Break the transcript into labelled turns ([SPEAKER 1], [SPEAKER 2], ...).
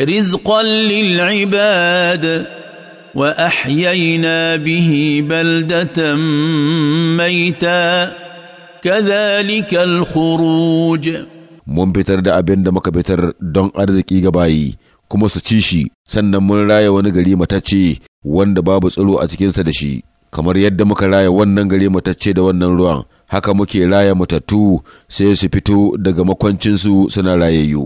[SPEAKER 1] رزقا للعباد واحيينا به بلده ميتا كذلك الخروج
[SPEAKER 2] mun fitar da abin da muka fitar don arziki ga bayi kuma su ci shi sannan mun raya wani gari matacce wanda babu tsiro a cikinsa da shi kamar yadda muka raya wannan gari matacce da wannan ruwan haka muke raya matattu sai su fito daga makwancinsu suna rayayyu